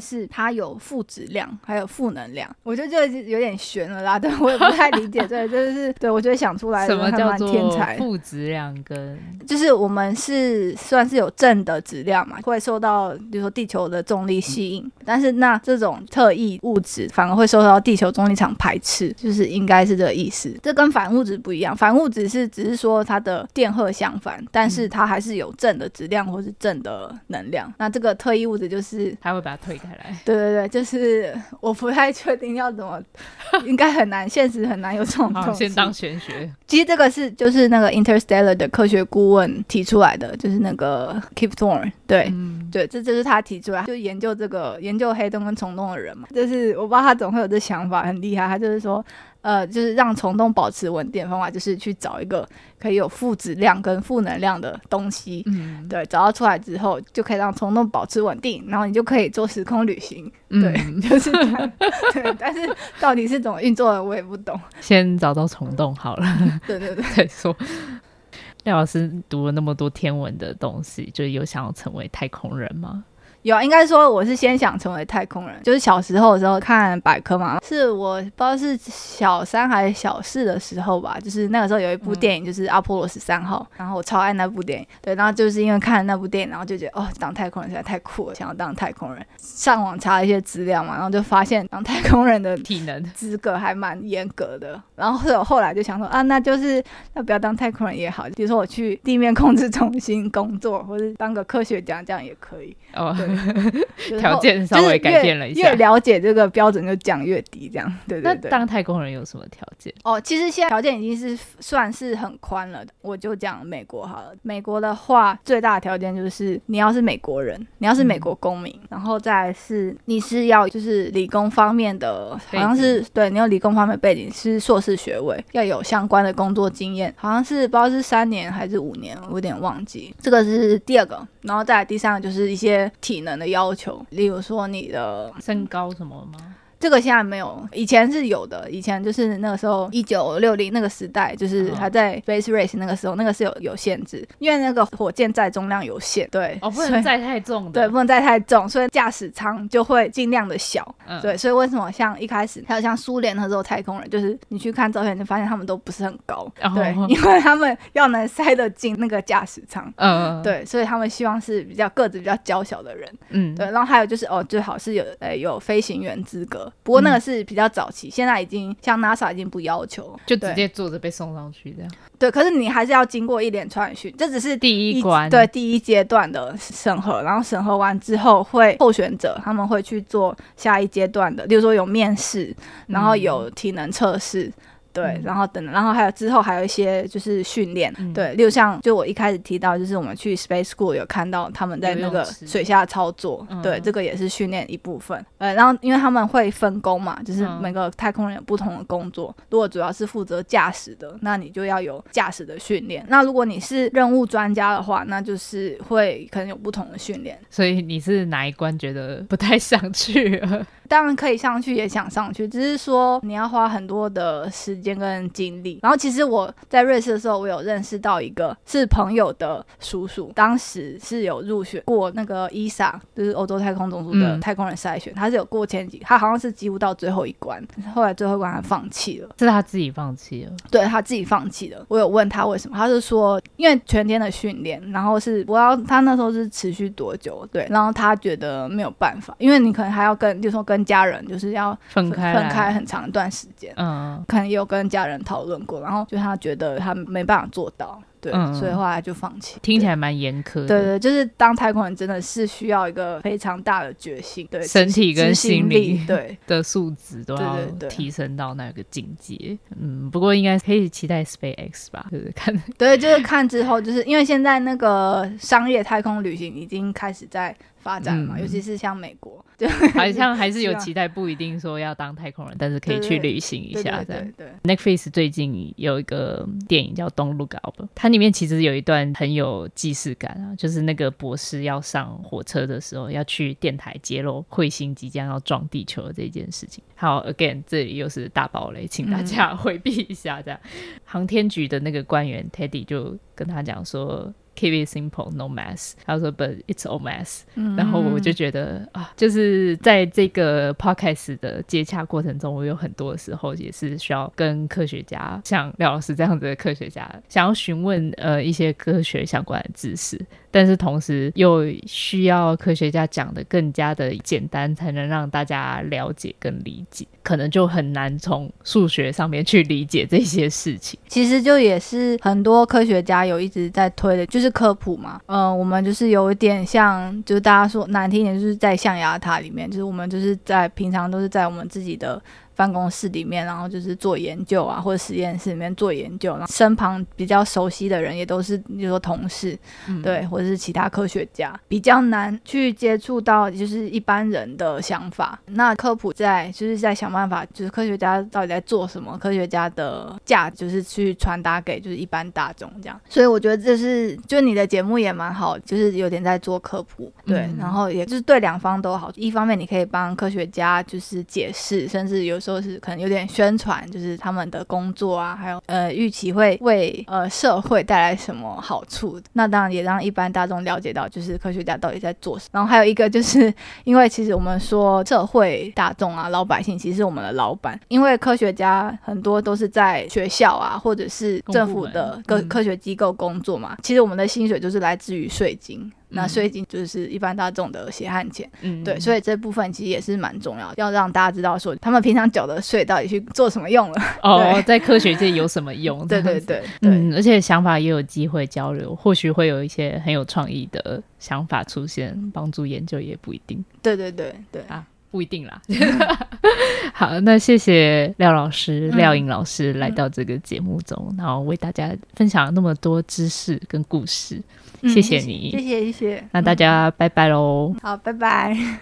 是它有負質量，還有負能量。我就覺得這個是有點懸了啦，對，我也不太理解。 對，真、就、的是對我覺得想出來的蠻的什麼叫做天才，負
質量跟
就是我們是算是，有正的質量嘛，會受到比如說地球的重力吸引，嗯、但是那這種特異物
質反而會
受到地球重力場排斥，就是應該是這個意思。這跟反物質不一樣，反物質是只是說它的電荷相反，但是它、嗯他還是有正的質量，或者是正的能量，那這個特異物質，就是他會把它推開來。對對對，就是我不太確定要怎麼， 應該很難，現實很難有蟲洞、啊、先當玄學。其實這個是就是那個《Interstellar》的科學顧問提出來的，就是那個 Kip Thorne。對、嗯、對，這就是他提出來，就是研究這個研究黑洞跟蟲洞的人嘛。就是我不知道他怎麼會有這想法，很厲害。他就是說。呃，就是讓蟲洞保持穩定的方法，就是去找一個可以有負質量跟負能量的東西。嗯，對，找到出來之後，就可以讓蟲洞保持穩定，然後你就可以做時空旅行。嗯、對，就是 對，但是到底是怎麼運作的，我也不懂。
先找到蟲洞好了。嗯、 對對對，再說。廖老師讀了那麼多天文的東西，就有想要成為太空人嗎？
有，應該說我是先想成為太空人，就是小時候的時候看百科嘛，是我不知道是小三還是小四的時候吧，就是那個時候有一部電影就是《阿波羅十三號》，嗯，然後我超愛那部電影，對，然後就是因為看了那部電影，然後就覺得哦，當太空人實在太酷了，想要當太空人。上網查了一些資料嘛，然後就發現當太空人的
體能資格
還蠻嚴格的，能然後我後來就想說啊，那就是那不要當太空人也好，比如說我去地面控制中心工作，或者當個科學家這樣也可以哦。Oh.
對條 件稍微改變了一下越越了
解這個標準就降越低，這樣對、對對。那當太空人有什麼條件？哦，其實現在條件已經是算是很寬了。我就講美國好了。美國的話，最大的條件就是你要是美國人，你要是美國公民，嗯、然後再來是你是要就是理工方面的，好像是背景，對你有理工方面的背景，是碩士學位，要有相關的工作經驗，嗯、好像是不知道是三年還是五年，我有點忘記。這個是第二個，然後再來第三個就是一些體。能的要求，例如說你的身高什麼的嗎？這個現在沒有，以前是有的。以前就是那個時候，一九六零那個時代，就是還在 Space Race 那個時候，那個是有有限制，因為那個火箭載重量有限，對，哦，不能載
太重的，對，不
能載太重，所以駕駛艙就會盡量的小，嗯、對，所以為什麼像一開始還有像蘇聯那時候太空人，就是你去看照片，就發現他們都不是很高，哦、對，因為他們要能塞得進那個駕駛艙，嗯，對，所以他們希望是比較個子比較嬌小的人，嗯，對，然後還有就是哦，最好是有呃、欸、有飛行員資格。不過那個是比較早期，嗯、現在已經像 NASA 已經不要求，就直接坐
着被送上去這樣，
對。對，可是你還是要經過一連串訓，這只是一，第一關，對，第一階段的審核。然後審核完之後，會候選者他們會去做下一階段的，例如說有面試，然後有體能測試。嗯對，然後等，然後還有之後還有一些就是訓練，嗯、對，就像就我一開始提到，就是我們去 Space School 有看到他們在那個水下操作，嗯、對，這個也是訓練一部分。呃，然後因為他們會分工嘛，就是每個太空人有不同的工作。嗯、如果主要是負責駕駛的，那你就要有駕駛的訓練。那如果你是任務專家的話，那就是會可能有不同的訓練。
所以你是哪一關覺得不太想去？
當然可以上去，也想上去，只是說你要花很多的時間跟精力。然後其實我在瑞士的時候，我有認識到一個是朋友的叔叔，當時是有入選過那個伊薩，就是歐洲太空總署的太空人篩選，嗯、他是有過前幾，他好像是幾乎到最後一關，後來最後一關他放棄了，
是他自己放棄了。
對，他自己放棄了。我有問他為什麼，他是說因為全天的訓練，然後是我要他那時候是持續多久？對，然後他覺得沒有辦法，因為你可能還要跟，就說跟。跟家人就是要分，分開，分開很長一段時間。嗯，可能有跟家人討論過，然後就他覺得他沒辦法做到，對，嗯、所以話來就放棄。聽起來蠻嚴苛的，對，對對，就是當太空人真的是需要一個非常大的決心，對，身體跟心理對
的素質都要提升到那個境界。對對對對，嗯，不過應該可以期待 Space X 吧？就是看，
對，就是看之後，就是 因為現在那個商業太空旅行已經開始在。
發展嘛，嗯、尤其是像美國，好、啊、像還是有期待，啊、不一定說要當太空人，但是可以去旅行一下對對對對對，這樣。Netflix 最近有一個電影叫《Don't Look Up》，它裡面其實有一段很有既視感啊，就是那個博士要上火車的時候，要去電台揭露彗星即將要撞地球的這件事情。好，again，這裡又是大爆雷，請大家回避一下。這樣，嗯、航天局的那個官員 Teddy 就跟他講說。Keep it simple, no mess。他說 but it's all mess、嗯。然後我就覺得啊，就是在這個 podcast 的接洽過程中，我有很多時候也是需要跟科學家，像廖老師這樣子的科學家，想要詢問呃一些科學相關的知識。但是同時又需要科學家講得更加的簡單，才能讓大家了解跟理解，可能就很難從數學上面去理解這些事情。
其實就也是很多科學家有一直在推的，就是科普嘛。嗯、呃，我們就是有一點像，就是大家說難聽點，就是在象牙塔裡面，就是我們就是在平常都是在我們自己的。辦公室裡面，然後就是做研究啊，或者實驗室裡面做研究，然後身旁比較熟悉的人也都是，就是、說同事，嗯、對，或者是其他科學家，比較難去接觸到，就是一般人的想法。那科普在就是在想辦法，就是科學家到底在做什麼，科學家的價就是去傳達給就是一般大眾這樣。所以我覺得這是，就你的節目也蠻好，就是有點在做科普，對，嗯、然後也就是對兩方都好。一方面你可以幫科學家就是解釋，甚至有時候。就是可能有點宣傳，就是他們的工作啊，還有呃預期會為呃社會帶來什麼好處。那當然也讓一般大眾了解到，就是科學家到底在做什麼。然後還有一個就是因為其實我們說社會大眾啊、老百姓，其實是我們的老板，因為科學家很多都是在學校啊或者是政府的各科學機構工作嘛，嗯、其實我們的薪水就是來自於稅金。那稅金就是一般大眾的血汗錢，嗯，對，所以這部分其實也是蠻重要，要讓大家知道說他們平常繳的稅到底去做什麼用了。哦，在
科學界有什麼用？對對對，嗯，而且想法也有機會交流，或許會有一些很有創意的想法出現，幫助研究也不一定。對對對對啊，不一定啦。好，那謝謝廖老師、廖瑩老師來到這個節目中，然後為大家分享那麼多知識跟故事。謝謝你，謝謝，嗯，謝謝，謝謝，那大家拜拜嘍，嗯！
好，拜拜。